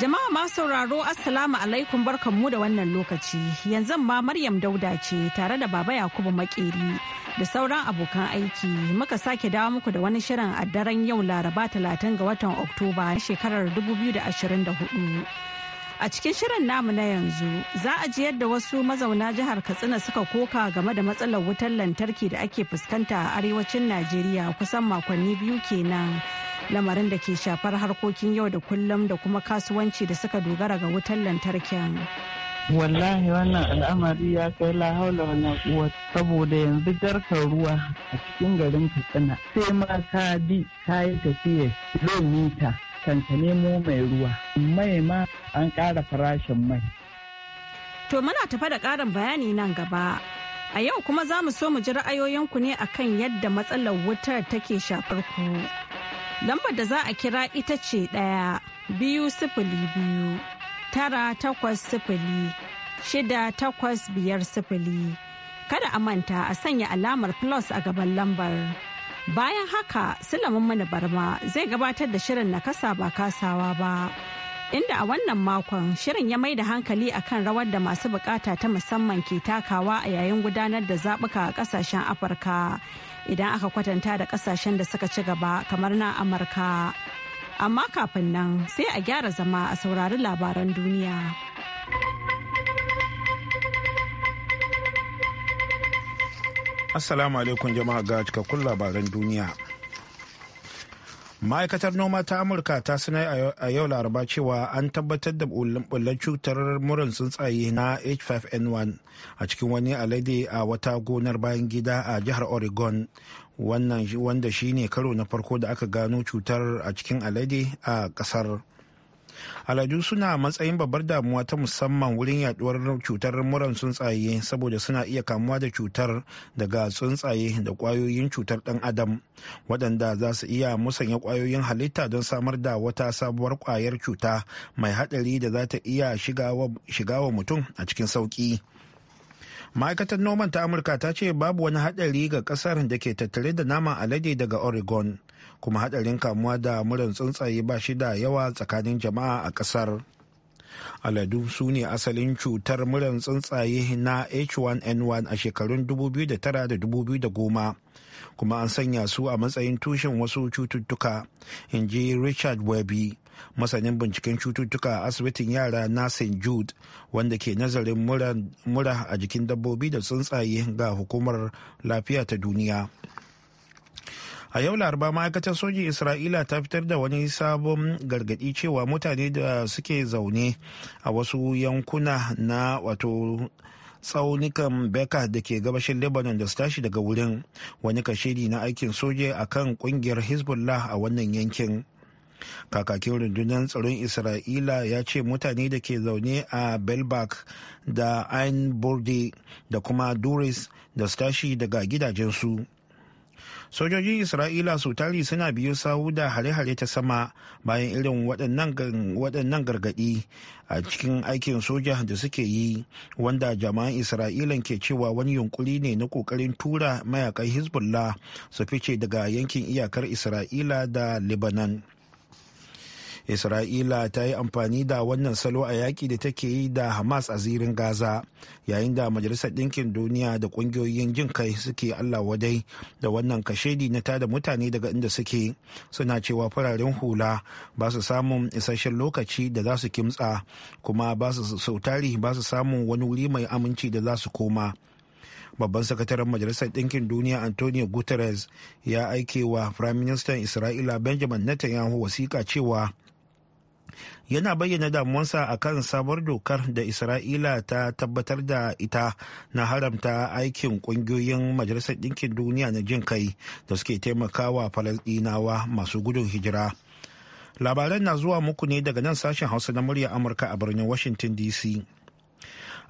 Jama'a ma sauraro Assalamu alaikum barkanmu da wannan lokaci yanzu ma Maryam Dauda ce tare da Baba Yakubu Makeri da sauran abokan aiki muka sake dawo muku da wani shirin a daren yau Laraba talatin ga watan Oktoba shekarar 2024. A cikin shirin namu na yanzu za a ji yadda wasu mazauna jihar Katsina suka koka game da matsalar wutar lantarki da ake fuskanta a arewacin Najeriya kusan makonni biyu kenan lamarin da ke shafar harkokin yau da kullum da kuma kasuwanci da suka dogara ga wutar lantarkin. wallahi wannan al'amari ya kai lahaula wannan uwa saboda yanzu jarkar ruwa a cikin garin katsina sai ma ka bi ka yi tafiya kilomita kan nemo mai ruwa mai ma an ƙara farashin mai to muna tafa da ƙarin bayani nan gaba a yau kuma za mu so mu ji ra'ayoyinku ne akan yadda matsalar wutar take shafar ku. Lambar da za a kira ita ce ɗaya biyu sifili biyu tara takwas sifili shida takwas biyar sifili. Kada a manta a sanya alamar plus a gaban lambar. Bayan haka silamin mana barma zai gabatar da shirin na kasa ba kasawa ba. inda a wannan makon shirin ya mai da hankali kan rawar da masu bukata ta musamman ke takawa a yayin gudanar da zaɓuka a ƙasashen afirka idan aka kwatanta da ƙasashen da suka ci gaba kamar na amurka amma kafin nan sai a gyara zama a saurari labaran duniya assalamu alaikum jama'a ga cikakkun labaran duniya ma'aikatar noma ta amurka ta sanar a yau laraba cewa an tabbatar da bullar cutar murin tsuntsaye na h5n1 a cikin wani alade a wata gonar bayan gida a jihar oregon wanda shine karo na farko da aka gano cutar a cikin alade a kasar aladu suna matsayin babbar damuwa ta musamman wurin yaduwar cutar muran tsuntsaye saboda suna iya kamuwa da cutar daga tsuntsaye da kwayoyin cutar dan adam waɗanda za su iya musanya kwayoyin halitta don samar da wata sabuwar kwayar cuta mai haɗari da za ta iya shiga wa mutum a cikin sauƙi. ma'aikatar noman ta amurka ta ce babu wani haɗari ga ƙasar da ke tattare da naman alade daga oregon kuma hadarin kamuwa da muran tsuntsaye ba shi da yawa tsakanin jama'a a kasar aladu su ne asalin cutar muran tsuntsaye na h1n1 a shekarun 2009 da 2010 kuma an sanya su a matsayin tushen wasu cututtuka in ji richard webby masanin binciken cututtuka a asibitin yara na st jude wanda ke nazarin mura a jikin dabbobi da tsuntsaye ga hukumar lafiya ta duniya a yau laraba ma'aikatar sojin isra'ila ta fitar da wani sabon gargadi cewa mutane da suke zaune a wasu yankuna na wato tsaunikan beka da ke gabashin lebanon da su tashi daga wurin wani kashedi na aikin soja a kan kungiyar hezbollah a wannan yankin kakakin rundunar tsaron isra'ila ya ce mutane da ke zaune a belbak da ain burde da kuma duris da su tashi daga gidajensu sojojin isra'ila su tari suna biyo sahu da hare-hare ta sama bayan irin waɗannan gargaɗi a cikin aikin soja da suke yi wanda jama'an isra'ila ke cewa wani yunkuri ne na ƙoƙarin tura mayakan hezbollah su fice daga yankin iyakar isra'ila da lebanon isra'ila ta yi amfani da wannan salo a yaƙi da take yi da hamas a zirin gaza yayin da majalisar ɗinkin duniya da ƙungiyoyin jin kai suke allah wadai da wannan kashedi na tada mutane daga inda suke suna cewa fararen hula ba su samun isasshen lokaci da za su kimtsa kuma ba su sautari ba su samun wani wuri mai aminci da za su koma babban sakataren majalisar ɗinkin duniya antonio guterres ya aike wa prime isra'ila benjamin netanyahu wasiƙa cewa yana bayyana damuwansa a kan sabuwar dokar da isra'ila ta tabbatar da ita na haramta aikin kungiyoyin majalisar ɗinkin duniya na jin kai da suke taimakawa falasɗinawa masu gudun hijira labaran na zuwa muku ne daga nan sashen hausa na murya amurka a birnin washington dc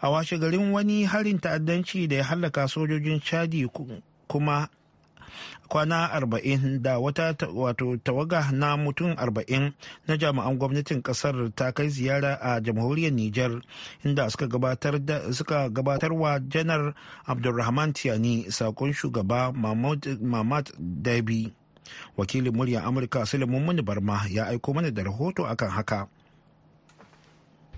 a washe garin wani harin ta'addanci da ya hallaka sojojin chadi kuma kwana arba'in da wata wato tawaga na mutum arba'in na jami'an gwamnatin kasar ta kai ziyara a jamhuriyar nijar inda suka gabatar suka gabatarwa janar abdulrahman tiani sakon shugaba mamad dabi wakilin muryar amurka suleiman muni barma ya aiko mana da rahoto akan haka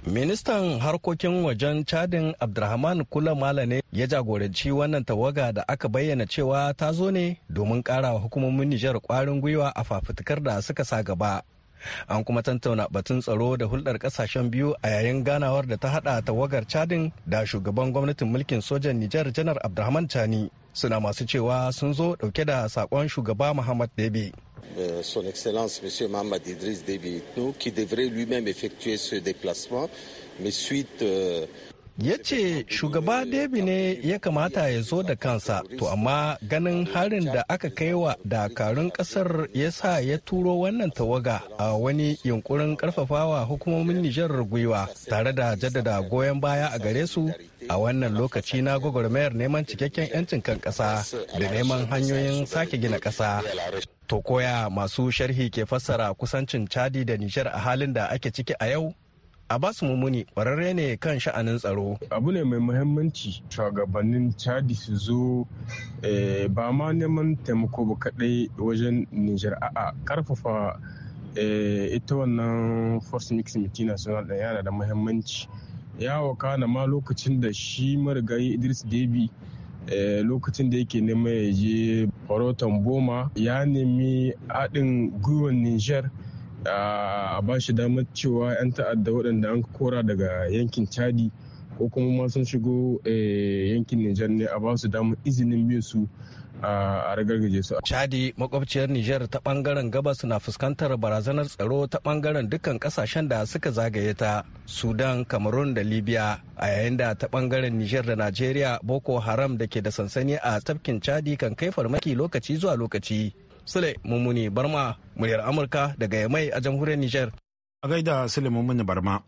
Ministan harkokin wajen Chadin Abdulrahman Kula ne ya jagoranci wannan tawaga da aka bayyana cewa ta zo ne domin karawa hukumomin Nijar kwarin gwiwa a fafutukar da suka sa gaba. An kuma tantauna batun tsaro da hulɗar ƙasashen biyu a yayin ganawar da ta haɗa tawagar Chadin da shugaban gwamnatin mulkin sojan Nijar Janar Abdulrahman Chani. son Excellence, M. Mohamed Idriss Deby qui devrait lui-même effectuer ce déplacement, mais suite euh, ya ce shugaba debi ne ya kamata ya zo da kansa to amma ganin harin da aka kaiwa dakarun kasar ya sa ya turo wannan tawaga a wani yunkurin karfafawa hukumomin nijar gwiwa tare da jaddada goyon baya a gare su a wannan lokaci na gwagwarmayar neman cikakken 'yancin kan ƙasa da neman hanyoyin sake gina ƙasa to koya masu sharhi ke fassara kusancin chadi da nijar a halin da ake ciki a yau Abbas Mumuni kwararre ne kan sha'anin tsaro. Abu ne mai muhimmanci shugabannin Chadi su zo eh, ba ma neman taimako ba kaɗai wajen Nijar a'a karfafa eh, ita wannan First Mix National da yana da muhimmanci. Ya wakana ma lokacin da shi marigayi Idris Debi eh, lokacin da yake neman ya je farautan boma ya nemi haɗin gwiwar Nijar. a ba shi damar cewa 'yan ta'adda waɗanda an kora daga yankin chadi ko kuma ma sun shigo eh, yankin nijar ne a ba su damar izinin bin su a ragargaje su. Chadi makwabciyar Nijar ta bangaren gabas na fuskantar barazanar tsaro ta bangaren dukkan kasashen da suka zagaye ta Sudan, Cameroon da Libya a yayin da ta bangaren Nijar da Najeriya Boko Haram da ke da sansani a tafkin Chadi kan kai farmaki lokaci zuwa lokaci. Sule Mummuni Barma muryar Amurka daga Yamai a jamhuriyar Nijar. A gaida Sule Mummuni Barma.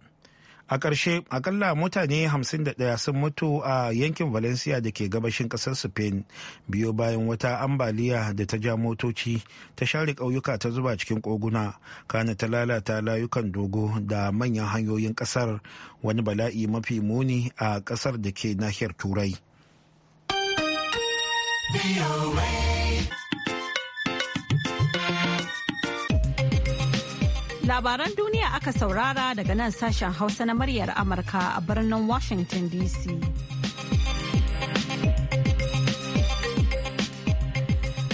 A ƙarshe akalla mutane 51 sun mutu a yankin Valencia da ke gabashin ƙasar Spain biyo bayan wata ambaliya da ta ja motoci ta share ƙauyuka ta zuba cikin koguna kana ta lalata layukan dogo da manyan hanyoyin ƙasar wani bala'i mafi muni a ƙasar da ke nahiyar Turai. Labaran duniya aka saurara daga nan sashen Hausa na muryar Amurka a birnin Washington DC.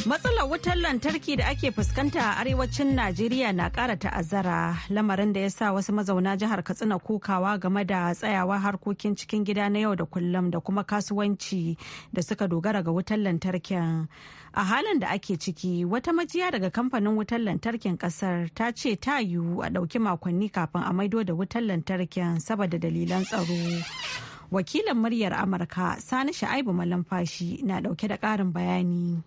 Matsalar wutar lantarki da ake fuskanta a arewacin Najeriya na ƙara ta'azzara lamarin da ya sa wasu mazauna jihar Katsina kokawa game da tsayawa harkokin cikin gida na yau da kullum da kuma kasuwanci da suka dogara ga wutar lantarki. a halin da ake ciki wata majiya daga kamfanin wutar lantarkin kasar ta ce ta yiwu a ɗauki makonni kafin a maido da wutar lantarkin saboda dalilan tsaro wakilin muryar amurka sani sha'ibu malamfashi na ɗauke da ƙarin bayani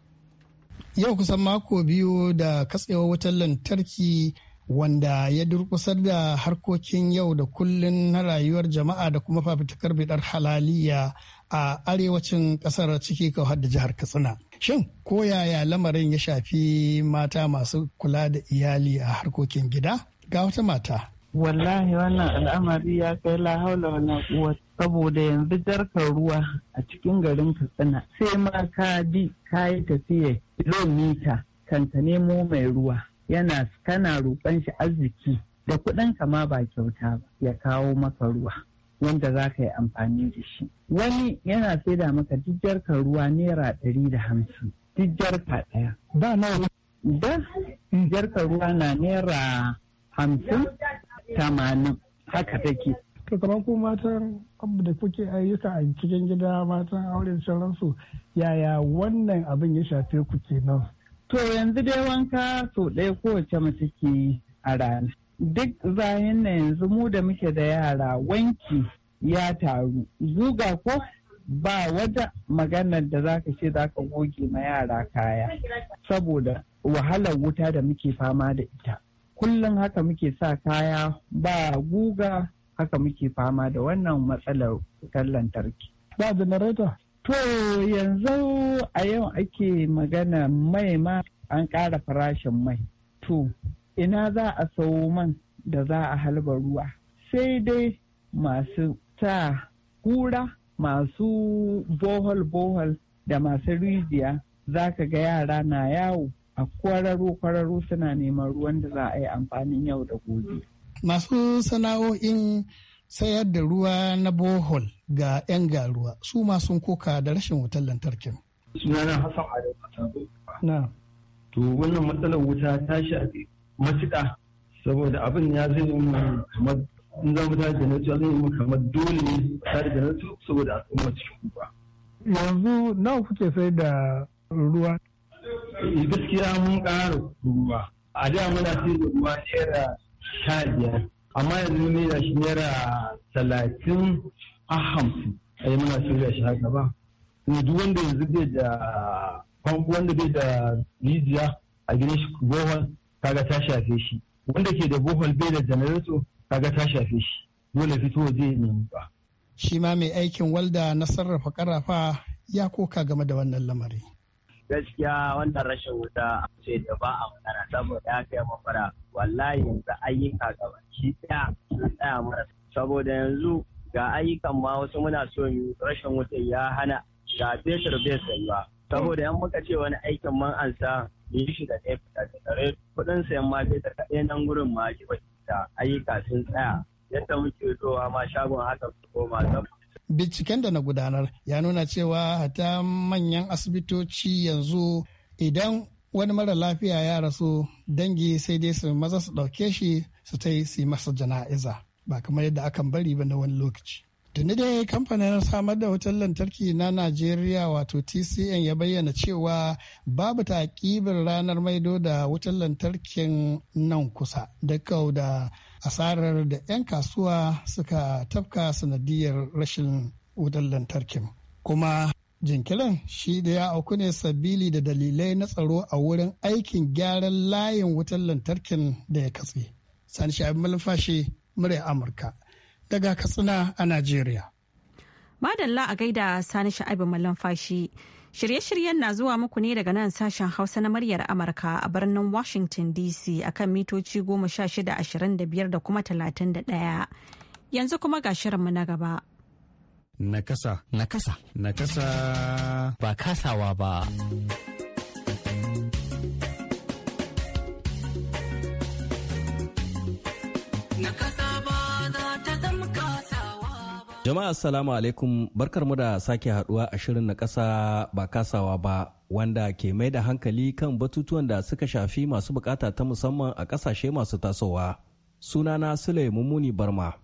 yau kusan mako biyu da katsewar wutar lantarki wanda ya durkusar da harkokin yau da kullun na rayuwar jama'a da kuma fafutukar bidar halaliya a arewacin kasar ciki ka da jihar katsina shin ko yaya lamarin ya shafi mata masu kula da iyali a harkokin gida ga wata mata wallahi wannan al'amari ya kai lahaula wannan uwa saboda yanzu jarkar ruwa a cikin garin katsina sai ma ka bi ka yi tafiya kilomita kan ka nemo mai ruwa yana kana roƙon shi arziki da kuɗinka ma ba kyauta ba ya kawo maka ruwa wanda za ka yi amfani da shi wani yana saida maka duk ruwa naira ɗari da hamsin duk ɗaya ba nawa da ruwa na naira hamsin tamanin haka take Ka kuma ko matan abu da kuke ayyuka a cikin gida matan auren sauransu yaya wannan abin ya shafe ku kenan to yanzu dai wanka sau ɗaya kowace mace ke a rana duk zayin na yanzu mu da muke da yara wanki ya taru zuga ko ba wata maganar da za zaka ce za ka goge ma yara kaya saboda wahalar wuta da muke fama da ita kullum haka muke sa kaya ba guga haka muke fama da wannan matsalar wutar lantarki ba janareta to yanzu a yau ake magana mai ma an ƙara farashin mai to ina za a sayo man da za a halba ruwa sai dai masu ta kura masu bohol-bohol da masu rijiya za ka ga yara na yawo a kwararo-kwararo suna neman ruwan da za a yi amfanin yau da gobe. Masu sana'o'in sayar da ruwa na bohol ga 'yan garuwa su masu koka da rashin wutar lantarkin. Sunana Hassan Adamu Na. To wannan matsalar wuta ta shafi matuƙa saboda abin ya zai yi mu kamar in za mu tare da nasu ya zai yi mu kamar dole ne tare da nasu saboda al'umma cikin kuka. yanzu nawa kuke sai da ruwa. Eh, gaskiya mun ƙara ruwa a da muna sai da ruwa naira sha biyar amma yanzu naira shi naira talatin a hamsin a yi muna da shi haka ba. duk wanda yanzu bai da wanda bai da rijiya a gidan shi gowon kaga ta shafe shi wanda ke da bohol bai da janareto kaga ta shafe shi dole fito waje nemi ba. shi ma mai aikin walda na sarrafa karafa ya koka game da wannan lamari. gaskiya wanda rashin wuta ce da ba a magana saboda ya kai mafara wallahi yanzu ayyuka gabaki ɗaya sun tsaya mara saboda yanzu ga ayyukan ma wasu muna so yi rashin wuta ya hana ga betur bai ba. saboda yan muka ce wani aikin man ansa yi shi da ɗaya da tare kuɗin sayan ma sai daga ɗaya nan gurin ma ki da ayyuka sun tsaya yadda muke zuwa ma shagon haka su koma binciken da na gudanar ya nuna cewa hata manyan asibitoci yanzu idan wani mara lafiya ya rasu dangi sai dai su maza su ɗauke shi su ta yi su masa jana'iza ba kamar yadda akan bari ba na wani lokaci. Tuni dai kamfanin samar da wutar lantarki na Najeriya wato TCN ya bayyana cewa babu taƙibin ranar maido da wutar lantarkin nan kusa da kau da asarar da 'yan kasuwa suka tafka sanadiyar rashin wutar lantarkin. Kuma jinkirin shi da ya auku ne sabili da dalilai na tsaro a wurin aikin gyaran layin wutar lantarkin da ya katse. Sani Amurka daga Katsina a Najeriya. Madalla a gaida Sani Sha'ibu fashi. Shirye-shiryen na zuwa muku ne daga nan sashen Hausa na muryar Amurka a birnin Washington DC a kan mitoci 1625 da kuma 31. Yanzu kuma ga shirinmu na gaba. Nakasa. Nakasa. Nakasa. Ba kasawa ba. Jama'a assalamu alaikum barkar mu da sake haduwa a shirin na kasa ba kasawa ba wanda ke mai da hankali kan batutuwan da suka shafi masu bukata ta musamman a kasashe masu tasowa. Sunana Sule Mummuni Barma.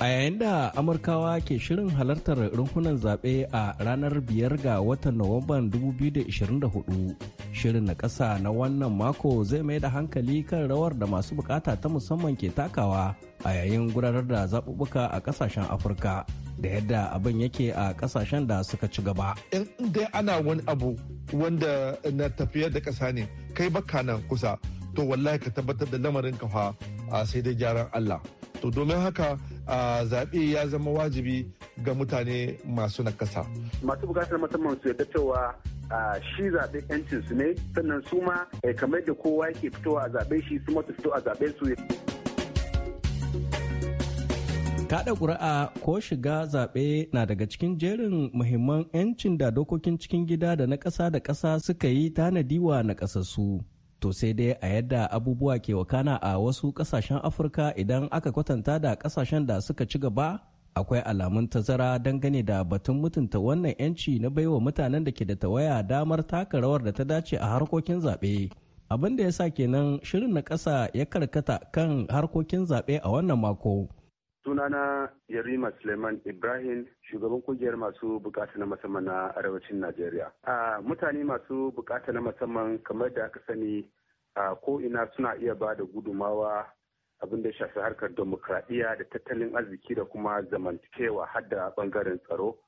A yayin da Amurkawa ke shirin halartar ruhunan zaɓe a ranar biyar ga watan Nuwamban 2024 shirin na ƙasa na wannan mako zai mai da hankali kan rawar da masu bukata ta musamman ke takawa a yayin gudanar da zaɓuɓɓuka a ƙasashen afirka da yadda abin yake a ƙasashen da suka ci gaba. in dai ana wani abu wanda na tafiyar da ƙasa ne kai baka nan kusa to wallahi ka tabbatar da lamarin kafa a sai dai gyaran allah to domin haka zaɓe ya zama wajibi ga mutane masu nakasa. Masu bukatar musamman su yadda cewa shi zaɓe su ne sannan su ma eh, kamar da kowa yake fitowa a zaɓe shi su mata fito a zaɓe su. Kaɗa ƙuri'a ko shiga zaɓe na daga cikin jerin muhimman 'yancin da dokokin cikin gida da na ƙasa da ƙasa suka yi tanadiwa na ƙasassu. To sai dai a yadda abubuwa ke wakana a wasu kasashen Afirka idan aka kwatanta da kasashen da suka ci gaba akwai alamun tazara dangane da batun mutunta wannan 'yanci na baiwa mutanen da ke da tawaya damar taka rawar da ta dace a harkokin zaɓe. Abin da ya sa kenan shirin na ƙasa ya karkata kan harkokin zaɓe a wannan mako. Sunana Yarima Suleiman Ibrahim, shugaban kungiyar masu bukata na musamman na arewacin Najeriya. A mutane masu bukata na musamman kamar da aka sani a ko ina suna iya ba da gudumawa abin da shafi harkar demokradiyya da tattalin arziki da kuma zamantakewa har da bangaren tsaro.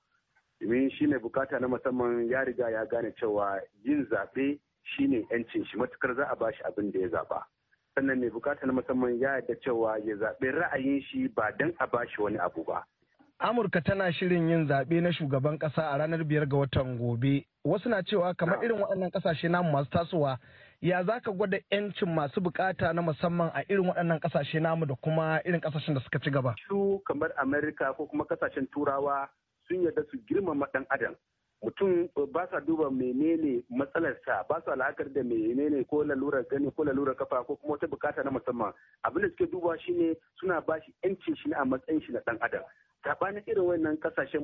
Domin shi mai bukata na musamman ya riga ya gane cewa yin zaɓe shine 'yancin shi matukar za a bashi abin da ya zaɓa. sannan mai bukatar na musamman ya yarda cewa ya zaɓi ra'ayin shi ba don a ba shi wani abu ba. Amurka tana shirin yin zaɓe na shugaban ƙasa a ranar biyar ga watan gobe. Wasu na cewa kamar irin waɗannan ƙasashe namu masu tasowa ya za ka gwada 'yancin masu bukata na musamman a irin waɗannan ƙasashe namu da kuma irin ƙasashen da suka ci gaba. Su kamar Amerika ko kuma ƙasashen Turawa sun yarda su girmama ɗan adam mutum eh, ba sa duba menene matsalarsa ba sa la'akar da menene ko lalurar gani ko lalurar kafa ko kuma wata bukata na musamman abin da suke duba shine suna ba shi yancin shi a matsayin shi na dan adam sabanin irin wannan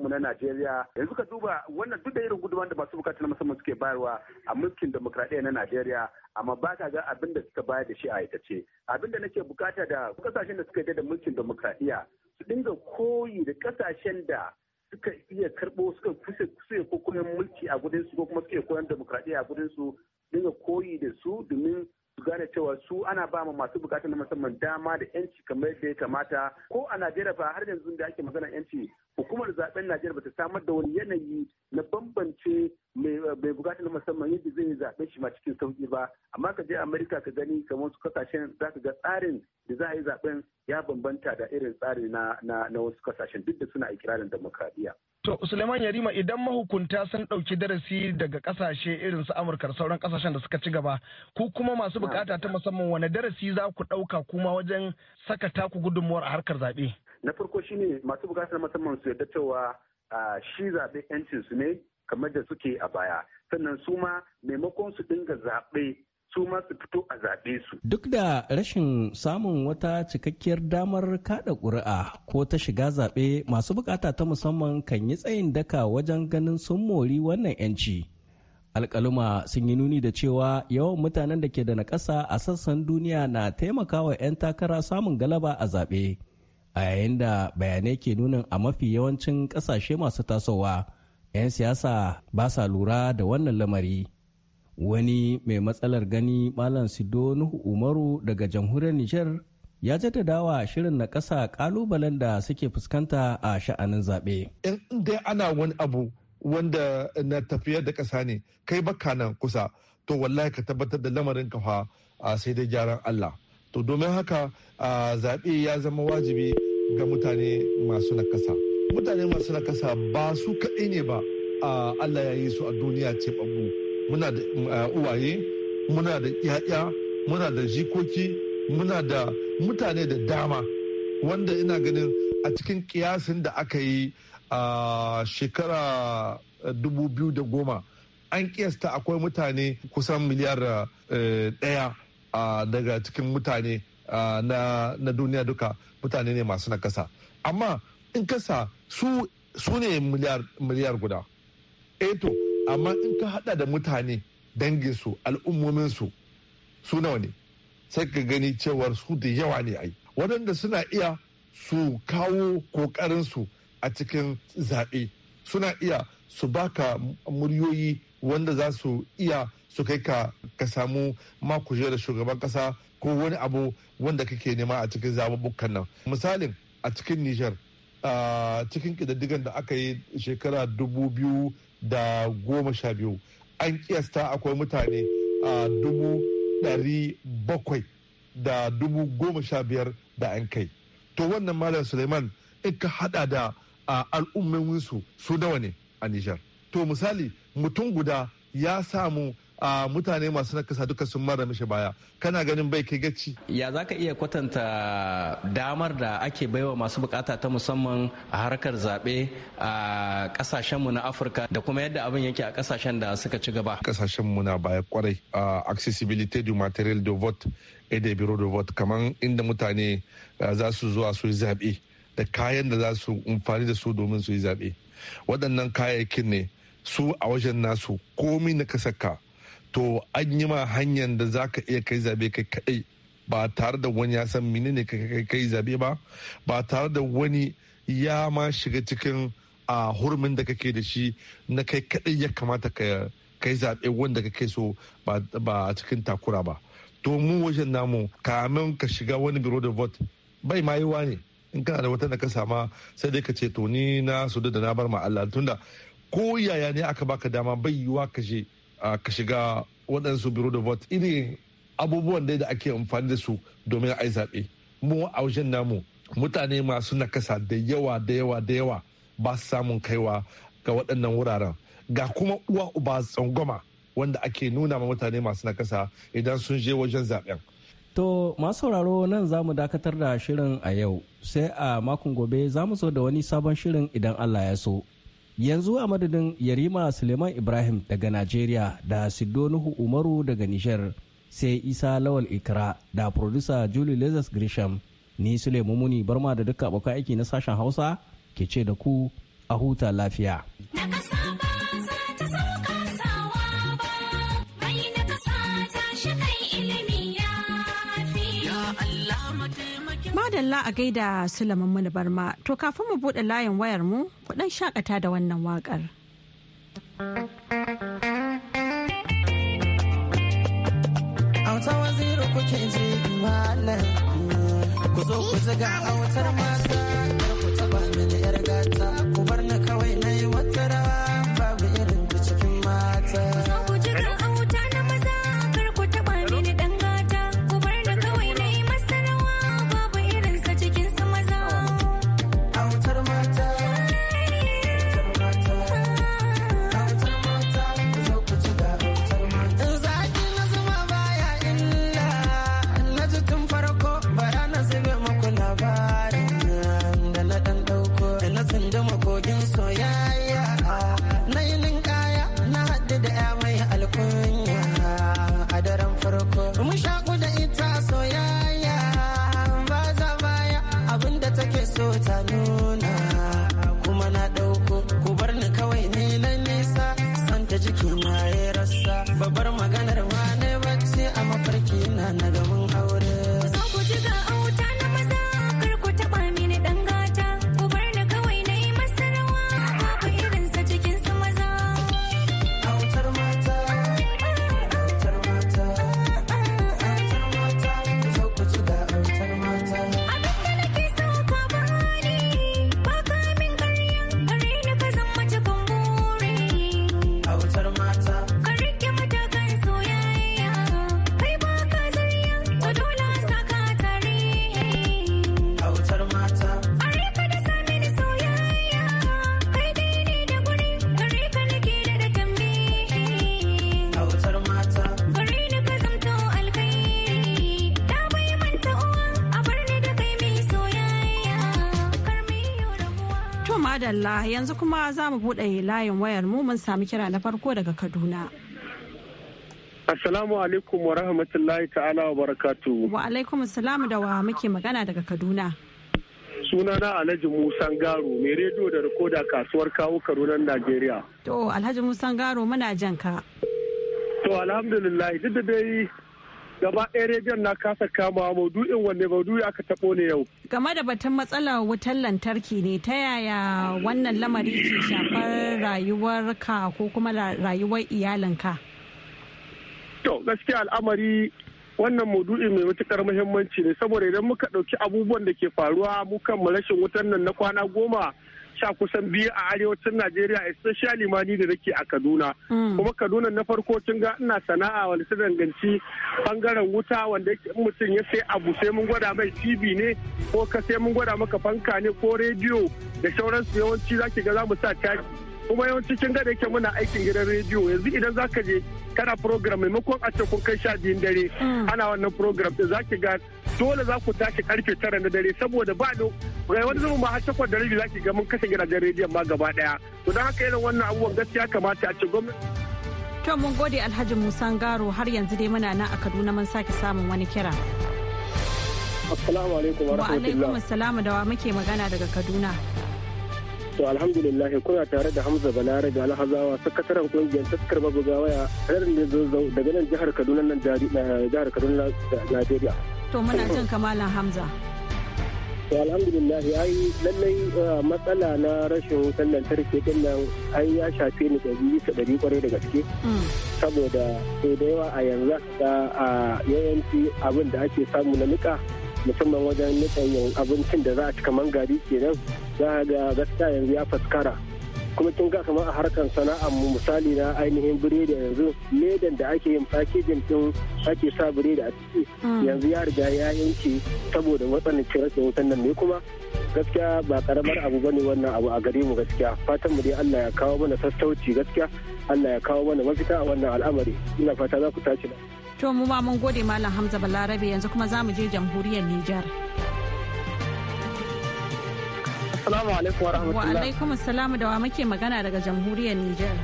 mu na Najeriya yanzu ka duba wannan duk da irin gudunmawar da masu na musamman suke bayarwa a mulkin demokradiyya na Najeriya amma ba ka ga abin da suka bayar da shi a aikace abin da nake bukata da kasashen da suka da mulkin demokradiyya su dinga koyi da kasashen da suka iya karbo suka kusa kusa ko koyan mulki a gudun su ko kuma suke koyan demokradiya a gudun su dinga koyi da su domin su gane cewa su ana ba ma masu bukata na musamman dama da yanci kamar yadda ya kamata ko a Najeriya ba har yanzu da ake magana yanci hukumar zaben najeriya bata samar da wani yanayi na bambance mai bukata na musamman yadda zai zaɓe shi ma cikin sauƙi ba amma ka je amerika ka gani kamar su kasashen za ka ga tsarin da za a yi zaɓen ya bambanta da irin tsari na wasu kasashen duk da suna ikirarin demokradiyya To Suleiman Yarima idan mahukunta sun ɗauki darasi daga ƙasashe irin su Amurka da sauran ƙasashen da suka ci gaba, ku kuma masu bukata ta musamman wani darasi za ku ɗauka kuma wajen saka taku gudunmuwar a harkar zaɓe? na farko shine masu bukatar musamman su yadda cewa shi zaɓe yancin su ne kamar da suke a baya sannan su ma maimakon su dinga zaɓe su ma su fito a zaɓe su. Duk da rashin samun wata cikakkiyar damar kaɗa ƙuri'a ko ta shiga zaɓe masu bukata ta musamman kan yi tsayin daka wajen ganin sun mori wannan 'yanci. alkaluma sun yi nuni da cewa yawan mutanen da ke da nakasa a sassan duniya na taimakawa 'yan takara samun galaba a zaɓe a yayin da bayanai ke nunin a mafi yawancin kasashe masu tasowa 'yan siyasa ba sa lura da wannan lamari wani mai matsalar gani malam sido nuhu umaru daga jamhuriyar niger ya jaddadawa shirin na ƙasa ƙalubalen da suke fuskanta a sha'anin zaɓe. in dai ana wani abu wanda na tafiyar da ƙasa ne kai baka nan kusa to wallahi ka tabbatar da lamarin ka kafa sai dai gyaran allah to domin haka zaɓe ya zama wajibi ga mutane masu nakasa mutane masu nakasa ba su kaɗai ne ba a allah ya yi su a duniya ce babu muna da uwaye muna da yaya muna da jikoki muna da mutane da dama wanda ina ganin a cikin kiyasin da aka yi a shekara eh, dubu biyu da goma an kiyasta akwai mutane kusan miliyar daya eh, daga cikin mutane na duniya duka mutane ne masu nakasa amma in kasa su ne miliyar guda eto eh amma in ka hada da mutane danginsu al'ummominsu su su nawa ne sai ka gani cewar su da yawa ne ai waɗanda suna iya su kawo su a cikin zaɓe suna iya su baka muryoyi wanda za su iya su kai ka ka samu ma da shugaban kasa ko wani abu wanda kake nema a cikin zaɓuɓɓukan nan misalin a cikin niger a cikin kididdigan da aka yi shekara dubu biyu da goma sha biyu an kiyasta akwai mutane a dubu dari bakwai da dubu goma sha biyar da an kai to wannan malam suleiman in ka hada da al'ummominsu su nawa ne a nijar to misali mutum guda ya samu mutane masu nakasa duka sun mara mishi baya kana ganin bai kai gaci ya za ka iya kwatanta damar da ake baiwa masu bukata ta musamman a harkar zaɓe a kasashenmu na afirka da kuma yadda abin yake a kasashen da suka ci gaba kasashenmu na baya kwarai accessibility du material de vote et de biro de vote kamar inda mutane za su zuwa su yi zaɓe da kayan da za su amfani da su domin su yi zaɓe waɗannan kayayyakin ne su a wajen nasu komi na saka. to an yi ma hanyar da za ka iya kai zabe kai kadai ba tare da wani ya san mini ne kai zabe ba ba tare da wani ya ma shiga cikin a hurumin da kake da shi na kai kadai ya kamata ka kai zaɓe wanda kake so ba a cikin takura ba to mu wajen namu kamin ka shiga wani biro da vote bai ma yiwa ne in kana da wata da ka sama sai dai ka ce to ni na su da na bar ma Allah tunda ko yaya ne aka baka dama bai yiwa ka je ka shiga waɗansu biro da vote irin abubuwan da ake amfani da su domin a yi zaɓe mu a wajen namu mutane masu nakasa da yawa da yawa da yawa ba su samun kaiwa ga waɗannan wuraren ga kuma uwa uba tsangwama wanda ake nuna ma mutane masu nakasa idan sun je wajen zaɓen To masu sauraro nan za mu dakatar da shirin a yau sai a makon gobe za mu zo da wani sabon shirin idan Allah ya so. yanzu a madadin yarima suleiman ibrahim daga najeriya da sidonuhu umaru daga nijar sai isa lawal ikra da producer julie lezas grisham ni suleiman muni barma da duka abokan aiki na sashen hausa ke ce da ku a huta lafiya. madalla a gaida Sulaiman Mani Barma, to kafin mu buɗe layin wayar mu, dan shakata da wannan wakar. Auta waziri kuke je malam, ku zo ku zaga autar mata, ku taɓa mini 'yar gata. Allah yanzu kuma za mu buɗe layin wayar mu mun sami kira na farko daga Kaduna. Assalamu alaikum wa rahmatullahi ta'ala wa barakatu. Wa alaikum assalamu da wa muke magana daga Kaduna. Sunana Alhaji Musan Garo, mai rediyo da rikoda kasuwar kawo Kaduna, Najeriya. To Alhaji Musan Garo muna jan ka. To alhamdulillah duk da dai gaba ɗaya rediyon na kasa kama maudu'in wanne ya ka tabo ne yau. Game da batun matsalar wutar lantarki ne ta yaya wannan lamari ke shafar rayuwarka ko kuma rayuwar iyalinka? To gaskiya al'amari wannan maudu'i mai matukar muhimmanci ne saboda idan muka ɗauki abubuwan da ke faruwa mu kan rashin wutar nan na kwana goma sha kusan biyu a arewacin Najeriya especially ma ni da nake a Kaduna. Mm. Kuma Kaduna na farko tun ga ina sana'a wanda su danganci bangaren wuta wanda in mutum ya sai abu sai mun gwada mai TV ne ko ka sai mun gwada maka fanka ne ko rediyo da sauransu yawanci zaki ga za mu sa caji. kuma yawanci cikin gada yake muna aikin gidan rediyo yanzu idan ka je kana program maimakon a ce kun kai sha biyun dare hmm. ana wannan program da ki ga dole za ku tashi karfe tara na dare saboda ba da wani zama har takwas da rabi ki ga mun kashe gidajen rediyon ma gaba daya to don haka irin wannan abubuwan gaskiya kamata a ce gwamnati To mun gode Alhaji Musa Garo har yanzu dai muna nan a Kaduna mun sake samun wani kira. Assalamu alaikum wa rahmatullah. Wa alaikum assalam da wa muke magana daga Kaduna. To alhamdulillah kuna tare da Hamza da Alhazawa sakataren kungiyar taskar mabuga waya ranar da zo daga nan jihar Kaduna nan eh, jihar Kaduna Najeriya. To muna jin kamalan Hamza. To alhamdulillah ai lallai eh, matsala na rashin wutan lantarki din nan ai ya shafe ni da bisa dari kwarai da gaske. Mm. Saboda sai da yawa a yanzu da a yawanci abin da ake samu na nika musamman wajen nikan yin abincin da za a cika mangari kenan. za ga gaskiya yanzu ya faskara kuma kin ga kamar a harkar sana'ar mu misali na ainihin biredi yanzu ledan da ake yin fakejin din ake sa biredi a ciki ah. yanzu ya riga ya yanke saboda matsanancin da wutan nan ne kuma gaskiya ba karamar abu bane wannan abu a gare mu gaskiya fatan mu dai Allah ya kawo mana sassauci gaskiya Allah ya kawo mana mafita a wannan al'amari ina fata za ku tashi da to mu ma mun gode malam Hamza Balarabe yanzu kuma za mu je jamhuriyar Nijar. Assalamu alaikum wa Wa alaikum da wa muke magana daga jamhuriyar Nijar.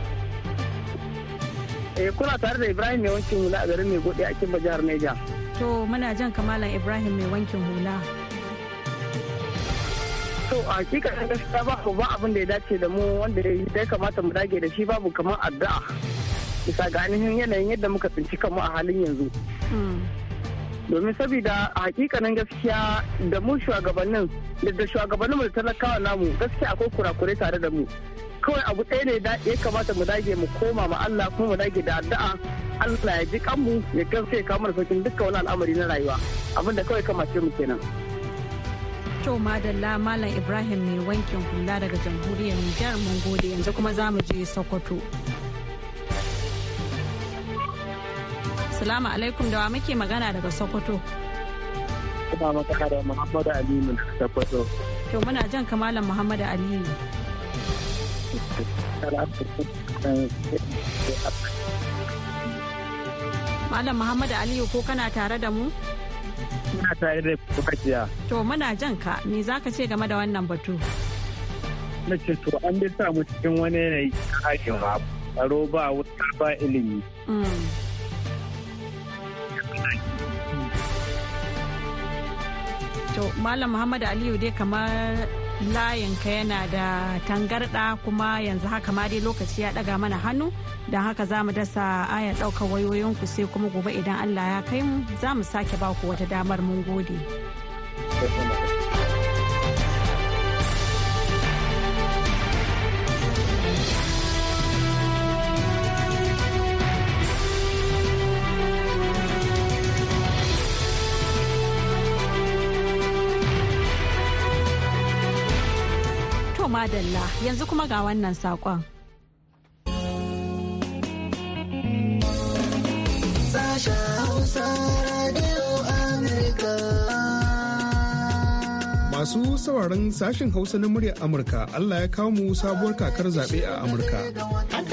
Eh kuna tare da Ibrahim mai wankin hula a garin mai a cikin jihar niger. To muna jan kamalan Ibrahim mai wankin hula. To a hakika gaskiya ba ku ba abin da ya dace da mu wanda ya yi kamata mu dage da shi babu kamar addu'a. Bisa ga ainihin yanayin yadda muka tsinci kanmu a halin yanzu. Hmm. domin saboda a hakikanin gaskiya da mu shugabannin da shugabannin da talakawa namu gaskiya akwai kurakure tare da mu kawai abu ɗaya ne da ya kamata mu dage mu koma ma Allah kuma mu dage da addu'a Allah ya ji kanmu ya gamsa ya kama sauƙin duka wani al'amari na rayuwa da kawai kamace mu kenan. Kyau madalla Malam Ibrahim mai wankin hula daga jamhuriyar Nijar mun gode yanzu kuma za mu je Sokoto. Salamu alaikum da wa muke magana daga Sokoto. Kuma maka da Muhammadu Aliyu Sokoto. To muna jan kamalan Muhammadu Aliyu. Malam Muhammadu Aliyu ko kana tare da mu? Muna tare da ku kaciya. To muna jan ka me za ka ce game da wannan batu? Na ce to an dai samu cikin wani yanayi a ba tsaro ba wuta ba ilimi. Mm. to malam muhammad aliyu dai kamar ka yana da tangarɗa kuma yanzu haka ma dai lokaci ya ɗaga mana hannu don haka za mu dasa aya ɗaukar wayoyinku sai kuma gobe idan allah ya kai mu za mu sake baku wata damar mun gode. madalla yanzu kuma ga wannan sakon. masu sauraron sashen hausa na muryar amurka allah ya kawo mu sabuwar kakar zaɓe a amurka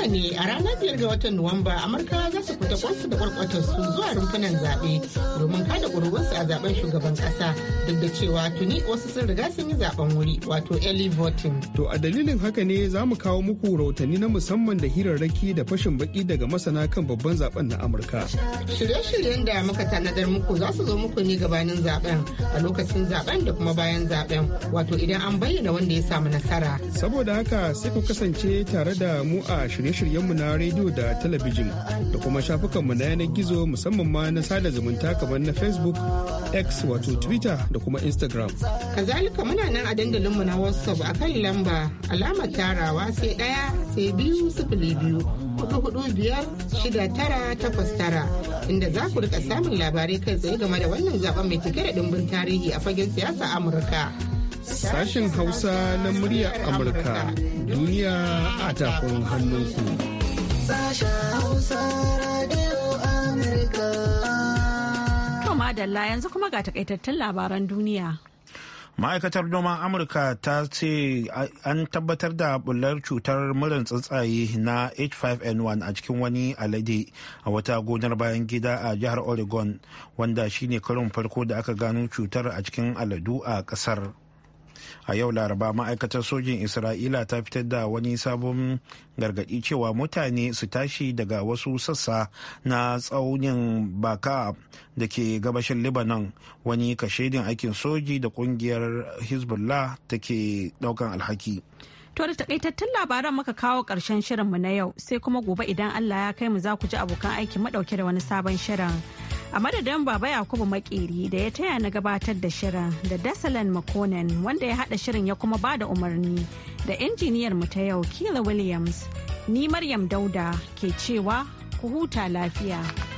haka ne a ranar biyar ga watan Nuwamba Amurka za su fita kwansu da su zuwa rumfunan zaɓe domin kada ƙuri'unsu a zaɓen shugaban ƙasa duk da cewa tuni wasu sun riga sun yi zaɓen wuri wato early voting. To a dalilin haka ne za mu kawo muku rahotanni na musamman da hirarraki da fashin baki daga masana kan babban zaben na Amurka. Shirye-shiryen da muka tanadar muku za su zo muku ne gabanin zaben a lokacin zaben da kuma bayan zaben wato idan an bayyana wanda ya samu nasara. Saboda haka sai ku kasance tare da mu a shirye shirye-shiryenmu na rediyo da talabijin da kuma shafukanmu na yanar gizo musamman ma na sada zumunta kamar na facebook x wato twitter da kuma instagram kazalika muna nan a dandalinmu na whatsapp akan lamba alamar tarawa sai ɗaya sai biyu sifili biyu hudu hudu biyar shida tara takwas tara inda za ku rika samun labarai kai tsaye game da wannan zaɓen mai cike da dimbin tarihi a fagen siyasa amurka Sashen Hausa na murya Amurka duniya a tafin hannunku. madalla yanzu kuma ga takaitattun labaran duniya. Ma'aikatar noman Amurka ta ce an tabbatar da bullar cutar murin tsuntsaye na H5N1 a cikin wani alade a wata gonar bayan gida a jihar Oregon wanda shine karin farko da aka gano cutar a cikin aladu a kasar. a yau laraba ma'aikatar sojin isra'ila ta fitar da wani sabon gargaɗi cewa mutane su tashi daga wasu sassa na tsaunin baka da ke gabashin libanon wani kashedin aikin soji da ƙungiyar hezbollah ke ɗaukan alhaki To da takaitattun labaran muka kawo ƙarshen shirinmu na yau sai kuma gobe idan Allah ya kai mu za ku ji abokan aiki madauke da wani sabon shirin. a madadin baba yakubu makeri da ya taya na gabatar da shirin da dasalan makonan wanda ya hada shirin ya kuma bada umarni da injiniyar mu ta yau kila williams ni maryam dauda ke cewa ku huta lafiya